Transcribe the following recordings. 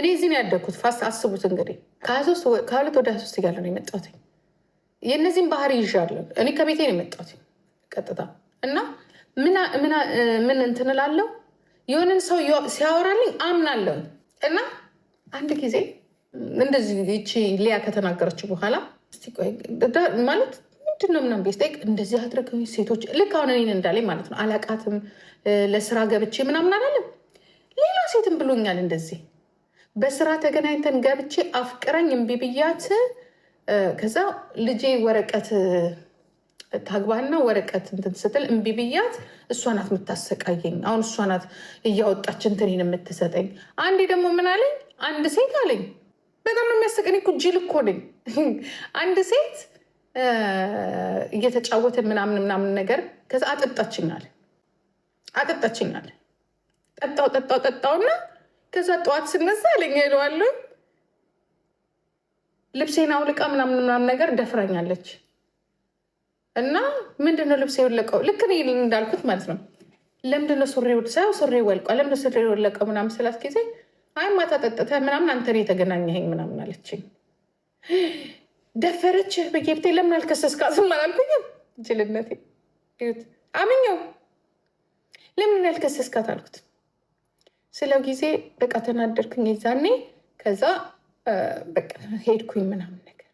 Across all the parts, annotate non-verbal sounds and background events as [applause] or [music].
እኔ እዚህ ነው ያደግኩት። ፋስ አስቡት እንግዲህ ከሁለት ወደ ሶስት እያለ ነው የመጣሁት። የእነዚህም ባህሪ ይዣለሁ። እኔ ከቤቴ ነው የመጣሁት ቀጥታ እና ምን እንትንላለው እላለሁ የሆነን ሰው ሲያወራልኝ አምናለሁ። እና አንድ ጊዜ እንደዚህ ይቺ ሊያ ከተናገረች በኋላ ማለት ምንድን ነው ምናምን ቤት እንደዚህ አድረግ ሴቶች ልክ አሁን እኔን እንዳለኝ ማለት ነው አላቃትም ለስራ ገብቼ ምናምን አላለም ሌላ ሴትም ብሎኛል እንደዚህ በስራ ተገናኝተን ገብቼ አፍቅረኝ እምቢ ብያት፣ ከዛ ልጄ ወረቀት ታግባና ወረቀት እንትን ስትል እምቢ ብያት፣ እሷ ናት የምታሰቃየኝ። አሁን እሷ ናት እያወጣች እንትኔን የምትሰጠኝ። አንዴ ደግሞ ምን አለኝ? አንድ ሴት አለኝ። በጣም ነው የሚያሰቀኝ እኮ ጅል እኮ ነኝ። አንድ ሴት እየተጫወትን ምናምን ምናምን ነገር ከዛ አጠጣችኛል አጠጣችኛል። ጠጣው ጠጣው ጠጣውና ከዛ ጠዋት ስነሳ አለኝ ሄደዋለሁ ልብሴን አውልቃ ምናምን ምናምን ነገር ደፍራኛለች። እና ምንድነው ልብሴ የወለቀው? ልክ እኔ እንዳልኩት ማለት ነው። ለምንድነው ሱሪ ሳይው ሱሪ ወልቋል፣ ለምንድነው ሱሪ የወለቀው ምናምን ስላት ጊዜ አይ ማታ ጠጥተ ምናምን አንተ ነው የተገናኘኸኝ ምናምን አለችኝ። ደፈረች በጌብቴ ለምን አልከሰስካትም አላልኩኝም? ጅልነቴ አምኘው ለምን ያልከሰስካት አልኩት። ስለው ጊዜ በቃ ተናደርክኝ የዛኔ። ከዛ በቃ ሄድኩኝ ምናምን ነገር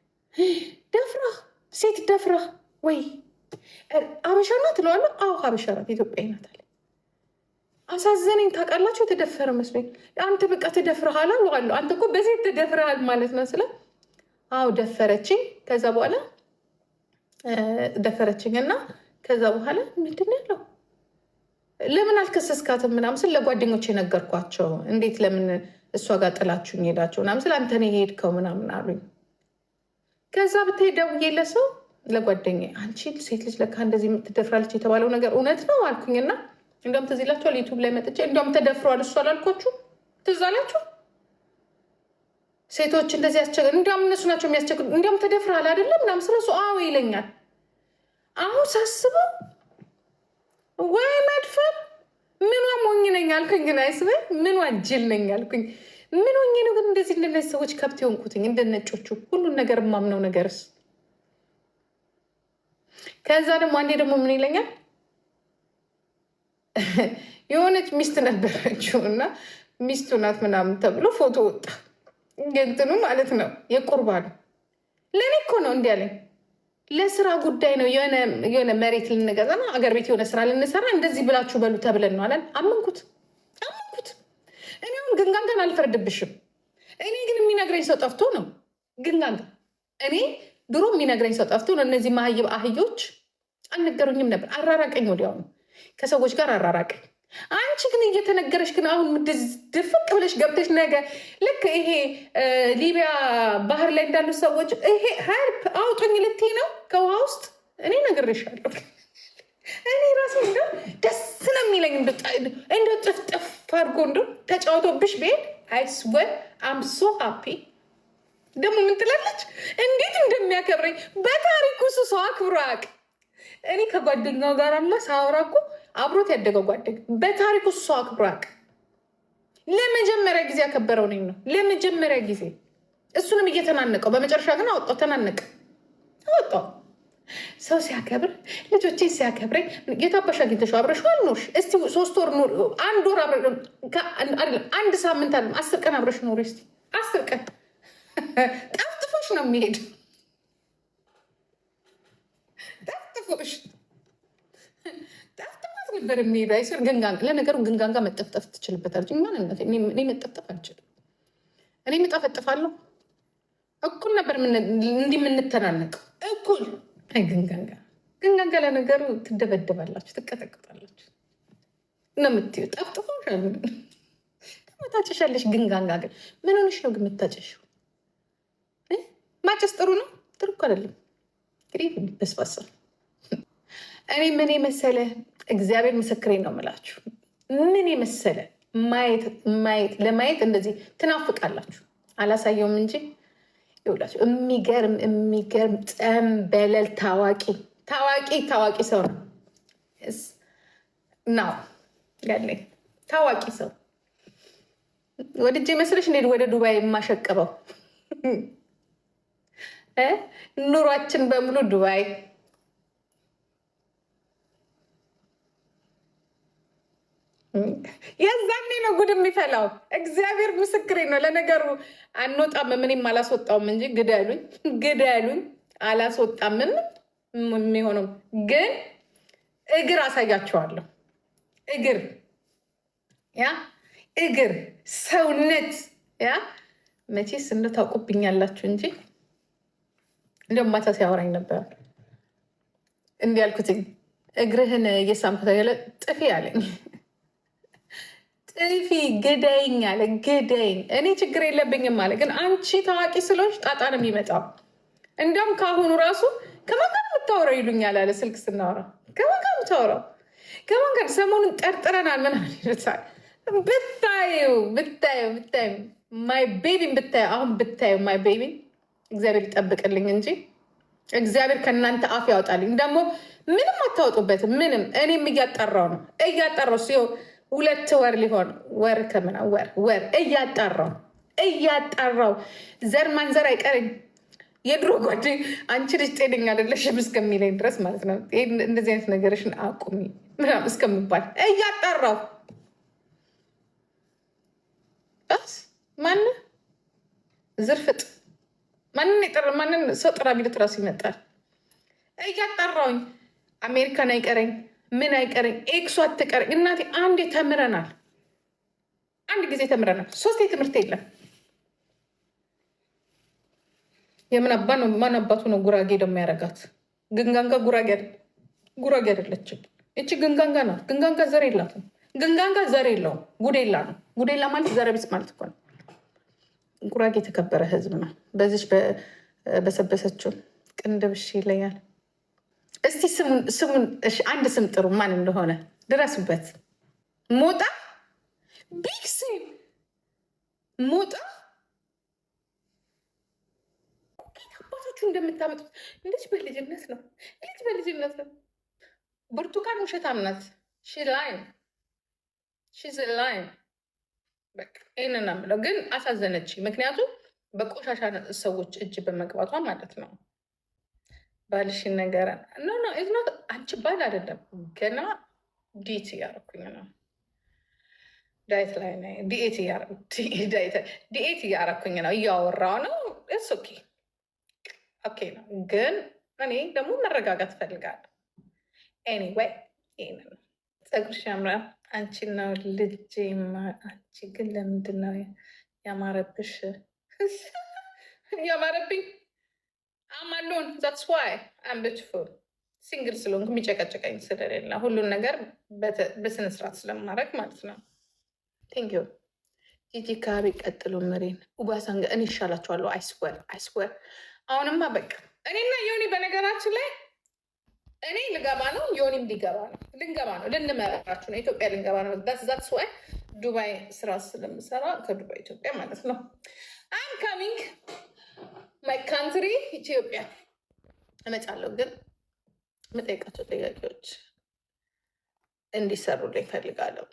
ደፍራ ሴት ደፍራ ወይ ሀበሻ ናት እለዋለሁ። አዎ ሀበሻ ናት ኢትዮጵያዊ ናት አለ። አሳዘነኝ ታውቃላችሁ። የተደፈረ መስሎኝ አንተ በቃ ተደፍረሃል አለዋለሁ። አንተ እኮ በሴት ተደፍረሃል ማለት ነው ስለ አዎ ደፈረችኝ። ከዛ በኋላ ደፈረችኝ እና ከዛ በኋላ ምንድን ያለው ለምን አልከሰስካትም ምናምን ስል ለጓደኞች የነገርኳቸው እንዴት ለምን እሷ ጋር ጥላችሁ ሄዳቸው ምናምን ስል አንተ የሄድከው ምናምን አሉኝ። ከዛ ብታይ ደውዬ ለሰው ለጓደኛ አንቺ ሴት ልጅ ለካ እንደዚህ ትደፍራለች የተባለው ነገር እውነት ነው አልኩኝና እንዲያውም ትዝ ይላችኋል ዩቱብ ላይ መጥቼ እንዲያውም ተደፍሯል እሷ አላልኳችሁ ትዝ አላችሁ ሴቶች እንደዚህ ያስቸግ እንዲያውም እነሱ ናቸው የሚያስቸግ እንዲያውም ተደፍራል አይደለም ምናምን ስለሱ አዎ ይለኛል አሁን ሳስበው ወይ መድፈር ምኗ ሞኝ ነኝ አልኩኝ። ግን አይስበ ምኗ ጅል ነኝ አልኩኝ። ምን ሆኜ ነው ግን እንደዚህ እንደነዚህ ሰዎች ከብት የሆንኩትኝ? እንደ ነጮቹ ሁሉን ነገር የማምነው ነገርስ። ከዛ ደግሞ አንዴ ደግሞ ምን ይለኛል የሆነች ሚስት ነበረችው እና ሚስቱ ናት ምናምን ተብሎ ፎቶ ወጣ። እንትኑ ማለት ነው የቁርባ ነው ለእኔ እኮ ነው እንዲያለኝ ለስራ ጉዳይ ነው የሆነ መሬት ልንገዛ ነው አገር ቤት የሆነ ስራ ልንሰራ እንደዚህ ብላችሁ በሉ ተብለን ነው አለን። አመንኩት አመንኩት። እኔ አሁን ግንጋንጋን አልፈርድብሽም። እኔ ግን የሚነግረኝ ሰው ጠፍቶ ነው ግንጋንጋ። እኔ ድሮ የሚነግረኝ ሰው ጠፍቶ ነው። እነዚህ ማህይብ አህዮች አልነገሩኝም ነበር። አራራቀኝ፣ ወዲያውኑ ከሰዎች ጋር አራራቀኝ። አንቺ ግን እየተነገረች ግን አሁን ድፍቅ ብለሽ ገብተሽ ነገ ልክ ይሄ ሊቢያ ባህር ላይ እንዳሉ ሰዎች ይሄ ሀልፕ አውጡኝ ልትይ ነው ከውሃ ውስጥ እኔ እነግርሻለሁ። እኔ ራሴ እንደ ደስ ነው የሚለኝ እንደ ጥፍጥፍ አድርጎ እንደ ተጫውቶብሽ ብሄድ አይስወር አም ሶ ሀፒ። ደግሞ ምን ትላለች? እንዴት እንደሚያከብረኝ በታሪኩ እሱ ሰው አክብሮ አያውቅም። እኔ ከጓደኛው ጋር አማ ሳወራ እኮ አብሮት ያደገው ጓደኛ በታሪኩ እሱ አክብሯቅ ለመጀመሪያ ጊዜ ያከበረው ነኝ ነው። ለመጀመሪያ ጊዜ እሱንም እየተናነቀው በመጨረሻ ግን አወጣው፣ ተናነቀ፣ አወጣው። ሰው ሲያከብር ልጆቼ ሲያከብረኝ የታባሽ አግኝተሽው አብረሽ አልኖርሽ እስቲ ሶስት ወር አንድ ወር አንድ ሳምንት አለ አስር ቀን አብረሽ ኖር እስቲ አስር ቀን ጠፍጥፎሽ ነው የሚሄድ ጠፍጥፎሽ ነበር የሚሄዳይ ስር ለነገሩ ግንጋን መጠፍጠፍ ትችልበታለች። ማንነት እኔ መጠፍጠፍ አልችልም። እኔ ምጠፈጥፋለሁ። እኩል ነበር እንዲህ የምንተናነቀው እኩል። ግንጋን ግንጋንጋ ግንጋን ለነገሩ ትደበደባላችሁ፣ ትቀጠቅጣላችሁ ነው የምትይው። ጠፍጥፎሻል፣ ታጨሻለሽ። ግንጋን ግን ምን ሆነሽ ነው ግን የምታጨሽው? ማጨስ ጥሩ ነው ጥሩ እኮ አይደለም። እንግዲህ በስባሳ እኔ ምን የመሰለ እግዚአብሔር ምስክሬ ነው የምላችሁ። ምን የመሰለ ማየት ማየት ለማየት እንደዚህ ትናፍቃላችሁ። አላሳየውም እንጂ ይውላችሁ። የሚገርም የሚገርም ጠንበለል ታዋቂ ታዋቂ ታዋቂ ሰው ነው ናው ያለኝ ታዋቂ ሰው ወድጄ መስለሽ እንዴ ወደ ዱባይ የማሸቅበው [laughs] ኑሯችን በሙሉ ዱባይ የዛኔ ነው ጉድ የሚፈላው። እግዚአብሔር ምስክሬ ነው። ለነገሩ አንወጣም፣ ምንም አላስወጣውም እንጂ ግደሉኝ፣ ግደሉኝ አላስወጣምም። የሚሆነው ግን እግር አሳያቸዋለሁ። እግር ያ እግር ሰውነት ያ መቼስ እንደው ታውቁብኛላችሁ እንጂ እንደው ማታ ሲያወራኝ ነበር እንዲህ ያልኩትኝ እግርህን እየሳምኩት ጥፊ አለኝ። ጥፊ ግደኝ አለ። ግደኝ እኔ ችግር የለብኝም አለ። ግን አንቺ ታዋቂ ስለሆንሽ ጣጣ ነው የሚመጣው። እንደውም ከአሁኑ ራሱ ከማን ጋር የምታወራው ይሉኛል አለ። ስልክ ስናወራ ከማን ጋር የምታወራው ከማን ጋር ሰሞኑን ጠርጥረናል ምናምን ይሉታል። ብታዩ ብታዩ ብታዩ ማይ ቤቢን ብታዩ አሁን ብታዩ ማይ ቤቢን እግዚአብሔር ይጠብቅልኝ እንጂ እግዚአብሔር ከእናንተ አፍ ያወጣልኝ። ደግሞ ምንም አታወጡበትም ምንም። እኔም እያጠራው ነው እያጠራው ሲሆን ሁለት ወር ሊሆን ወር ከምና ወር ወር እያጣራው እያጣራው ዘር ማንዘር አይቀርኝ የድሮ ጓደ አንቺ ልጅ ጤነኛ አይደለሽም እስከሚለኝ ድረስ ማለት ነው። እንደዚህ አይነት ነገርሽን አቁሚ ምናም እስከምባል እያጣራው ማን ዝርፍጥ ማንን የጠራ ማንን ሰው ጥራ ቢል ራሱ ይመጣል። እያጣራውኝ አሜሪካን አይቀረኝ ምን አይቀረኝ፣ ኤክሱ አትቀረኝ እናቴ። አንዴ ተምረናል፣ አንድ ጊዜ ተምረናል። ሶስቴ ትምህርት የለም። የምን አባ ነው? ማን አባቱ ነው? ጉራጌ ደሞ ያረጋት ግንጋንጋ ጉራጌ ጉራጌ አይደለችም እቺ ግንጋንጋ ናት። ግንጋንጋ ዘር የላትም። ግንጋንጋ ዘር የለውም። ጉዴላ ነው። ጉዴላ ማለት ዘረቢስ ማለት እኮ ነው። ጉራጌ የተከበረ ህዝብ ነው። በዚች በሰበሰችው ቅንድብሽ ይለያል። እስቲ ስሙን አንድ ስም ጥሩ፣ ማን እንደሆነ ድረሱበት። ሞጣ ቢግ ስም ሞጣ አባታችሁ እንደምታመጡት እንደች በልጅነት ነው፣ እንደች በልጅነት ነው። ብርቱካን ውሸታም ናት። ሺ ላይን ሺዝ ላይም በቃ ይህንን ምለው ግን አሳዘነች። ምክንያቱም በቆሻሻ ሰዎች እጅ በመግባቷ ማለት ነው። ባልሽን ነገር ኖ ኖ ኢግኖት አንቺ ባል አይደለም ገና ዲት እያረኩኝ ነው። ዳይት ላይ ዲኤት እያረኩኝ ነው። እያወራው ነው። እስ ኦኬ ኦኬ ነው። ግን እኔ ደግሞ መረጋጋት ፈልጋለሁ። ኤኒዌይ ይህን ነው። ፀጉርሽ ያምራል። አንቺ ነው ልጅ። አንቺ ግን ለምንድን ነው ያማረብሽ? ያማረብኝ አም አሎን ዛትስ ዋይ አም ቢዩቲፉል ሲንግል ስለሆንኩ የሚጨቀጨቀኝ ስለሌለ ሁሉን ነገር በስነስርዓት ስለማድረግ ማለት ነው። ቴንክ ዩ ጂጂ ካቢ ቀጥሎ መሬን ኡጋሳንጋ እኔ ይሻላችኋለሁ። አይስወር አይስወር አሁንማ በቃ እኔና ዮኒ በነገራችን ላይ እኔ ልገባ ነው፣ ዮኒም ሊገባ ነው። ልንገባ ነው፣ ልንመራችሁ ነው። ኢትዮጵያ ልንገባ ነው። ዛትስ ዋይ ዱባይ ስራ ስለምሰራ ከዱባይ ኢትዮጵያ ማለት ነው። አም ካሚንግ ላይክ ካንትሪ ኢትዮጵያ እመጣለሁ፣ ግን መጠይቃቸው ጥያቄዎች እንዲሰሩልኝ ፈልጋለሁ።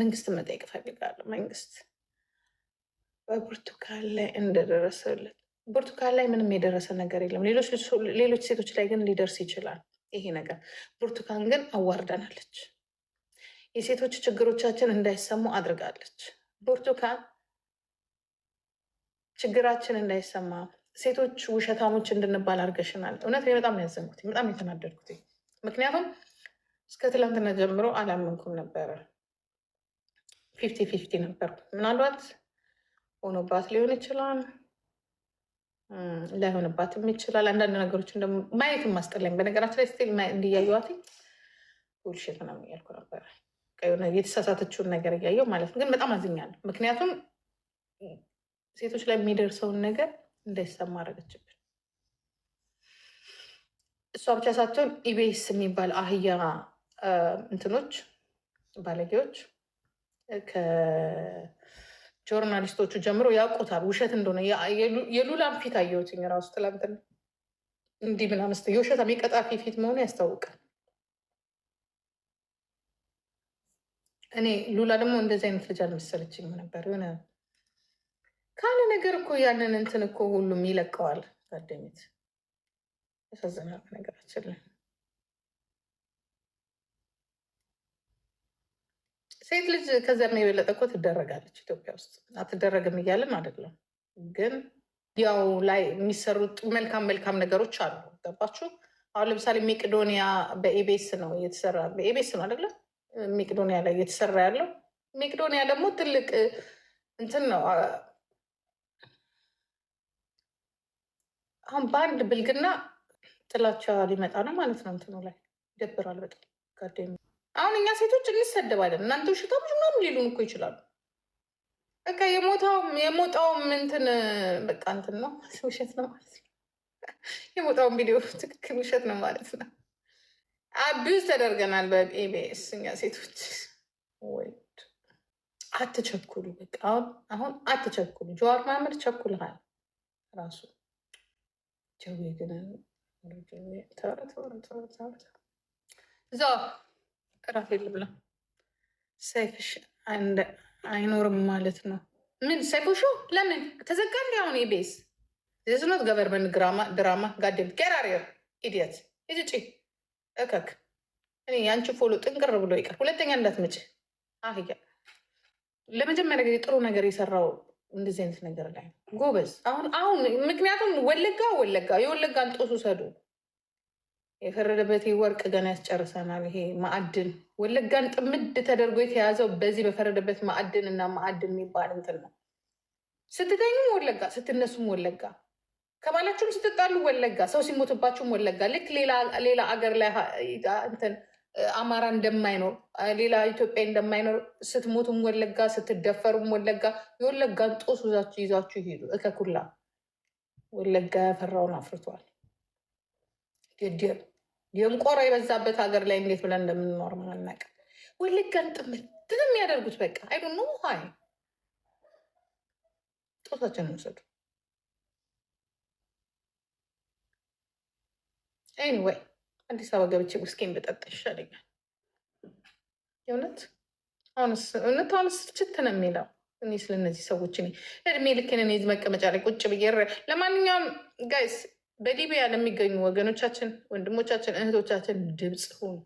መንግስት መጠየቅ ፈልጋለሁ። መንግስት በብርቱካን ላይ እንደደረሰለት ብርቱካን ላይ ምንም የደረሰ ነገር የለም። ሌሎች ሴቶች ላይ ግን ሊደርስ ይችላል ይሄ ነገር። ብርቱካን ግን አዋርዳናለች። የሴቶች ችግሮቻችን እንዳይሰሙ አድርጋለች። ብርቱካን ችግራችን እንዳይሰማ ሴቶች ውሸታሞች እንድንባል አድርገሽናል። እውነት በጣም ያዘንኩት፣ በጣም የተናደድኩት። ምክንያቱም እስከ ትላንትና ጀምሮ አላመንኩም ነበረ። ፊፍቲ ፊፍቲ ነበር። ምናልባት ሆኖባት ሊሆን ይችላል፣ ላይሆንባትም ይችላል። አንዳንድ ነገሮች ማየት ማየትም አስጠላኝ። በነገራችን ላይ ስል እንዲያየዋት ውልሽት ነው እያልኩ ነበረ፣ የተሳሳተችውን ነገር እያየው ማለት ግን በጣም አዝኛለሁ፣ ምክንያቱም ሴቶች ላይ የሚደርሰውን ነገር እንዳይሰማ አረገችብን እሷ ብቻ ሳትሆን ኢቤስ የሚባል አህያ እንትኖች ባለጌዎች ከጆርናሊስቶቹ ጀምሮ ያውቁታል ውሸት እንደሆነ። የሉላም ፊት አየሁትኝ ራሱ ትላንትና እንዲህ ምናምን ስትይ የቀጣፊ ፊት መሆኑ ያስታውቃል። እኔ ሉላ ደግሞ እንደዚህ አይነት ልጅ አልመሰለችኝም ነበር የሆነ ካለ ነገር እኮ ያንን እንትን እኮ ሁሉም ይለቀዋል። ጓደኝት ያሳዝናል። ነገራችን ላይ ሴት ልጅ ከዚያም የበለጠ እኮ ትደረጋለች። ኢትዮጵያ ውስጥ አትደረግም እያልን አይደለም፣ ግን ያው ላይ የሚሰሩት መልካም መልካም ነገሮች አሉ። ገባችሁ? አሁን ለምሳሌ ሜቄዶኒያ በኤቤስ ነው የተሰራ በኤቤስ ነው አይደለም፣ ሜቄዶኒያ ላይ እየተሰራ ያለው ሜቄዶኒያ ደግሞ ትልቅ እንትን ነው አሁን በአንድ ብልግና ጥላቻ ሊመጣ ነው ማለት ነው። እንትኑ ላይ ይደብራል በጣም ጋደሚ። አሁን እኛ ሴቶች እንሰደባለን። እናንተ ውሸታሞች ምናምን ሊሉን እኮ ይችላሉ። በቃ የሞታውም የሞጣውም እንትን በቃ እንትን ነው ውሸት ነው ማለት ነው። የሞጣውም ቪዲዮ ትክክል ውሸት ነው ማለት ነው። አቢዝ ተደርገናል በኢቢኤስ እኛ ሴቶች። ወይ አትቸኩሉ፣ በቃ አሁን አሁን አትቸኩሉ። ጀዋር መሀመድ ቸኩልሃል ራሱ ጨዌ ግን እዛ እራት የለብላ ሰይፍሽ አይኖርም ማለት ነው። ምን ሰይፎሾ ለምን ተዘጋ? እንዲ አሁን ቤስ ዝኖት ገቨርመንት ድራማ ጋደም ገራሪር ኢዲየት ይጭ እከክ እኔ የአንቺ ፎሎ ጥንቅር ብሎ ይቀር። ሁለተኛ እንዳትመጭ አህያ። ለመጀመሪያ ጊዜ ጥሩ ነገር የሰራው እንደዚህ አይነት ነገር ላይ ጎበዝ። አሁን አሁን ምክንያቱም ወለጋ ወለጋ የወለጋን ጦስ ውሰዱ። የፈረደበት ወርቅ ገና ያስጨርሰናል። ይሄ ማዕድን ወለጋን ጥምድ ተደርጎ የተያዘው በዚህ በፈረደበት ማዕድን እና ማዕድን የሚባል እንትን ነው። ስትተኙም ወለጋ፣ ስትነሱም ወለጋ፣ ከባላችሁም ስትጣሉ ወለጋ፣ ሰው ሲሞትባችሁም ወለጋ። ልክ ሌላ አገር ላይ እንትን አማራ እንደማይኖር ሌላ ኢትዮጵያ እንደማይኖር ስትሞቱም ወለጋ ስትደፈሩም ወለጋ የወለጋን ጦስ ዛችሁ ይዛችሁ ይሄዱ። እከኩላ ወለጋ ያፈራውን አፍርቷል። የንቆራ የበዛበት ሀገር ላይ እንዴት ብለን እንደምንኖር አናውቅም። ወለጋን ጥምር ትንም ያደርጉት በቃ አይዱ ነው። ሀይ ጦሳችን ውሰዱ። ኤኒዌይ አዲስ አበባ ገብቼ ውስኬን በጠጣ ይሻለኛል። የእውነት አሁንስ እውነት አሁንስ ችት ነው የሚለው እኔ ስለነዚህ ሰዎች እኔ እድሜ ልክን እኔ መቀመጫ ላይ ቁጭ ብዬ ለማንኛውም ጋይስ በሊቢያ ለሚገኙ ወገኖቻችን፣ ወንድሞቻችን፣ እህቶቻችን ድምፅ ሆኑ።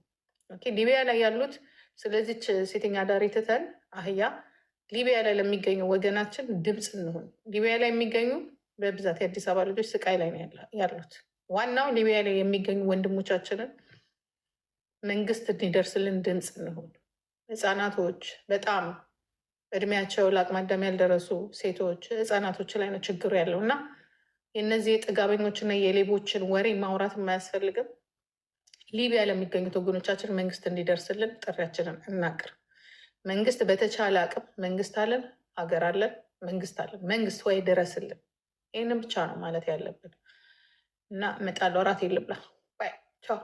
ሊቢያ ላይ ያሉት ስለዚች ሴተኛ አዳሪ ትተን አህያ ሊቢያ ላይ ለሚገኙ ወገናችን ድምፅ እንሆን። ሊቢያ ላይ የሚገኙ በብዛት የአዲስ አበባ ልጆች ስቃይ ላይ ነው ያሉት። ዋናው ሊቢያ ላይ የሚገኙ ወንድሞቻችንን መንግስት እንዲደርስልን ድምፅ እንሆን። ህፃናቶች በጣም እድሜያቸው ለአቅመ አዳም ያልደረሱ ሴቶች፣ ህፃናቶች ላይ ነው ችግሩ ያለው እና የእነዚህ የጥጋበኞችና የሌቦችን ወሬ ማውራት የማያስፈልግም። ሊቢያ ለሚገኙት ወገኖቻችን መንግስት እንዲደርስልን ጥሪያችንን እናቅርብ። መንግስት በተቻለ አቅም መንግስት አለን፣ ሀገር አለን፣ መንግስት አለን። መንግስት ወይ ድረስልን። ይህንን ብቻ ነው ማለት ያለብን። እና እመጣለሁ። እራት የልብላ። ቻው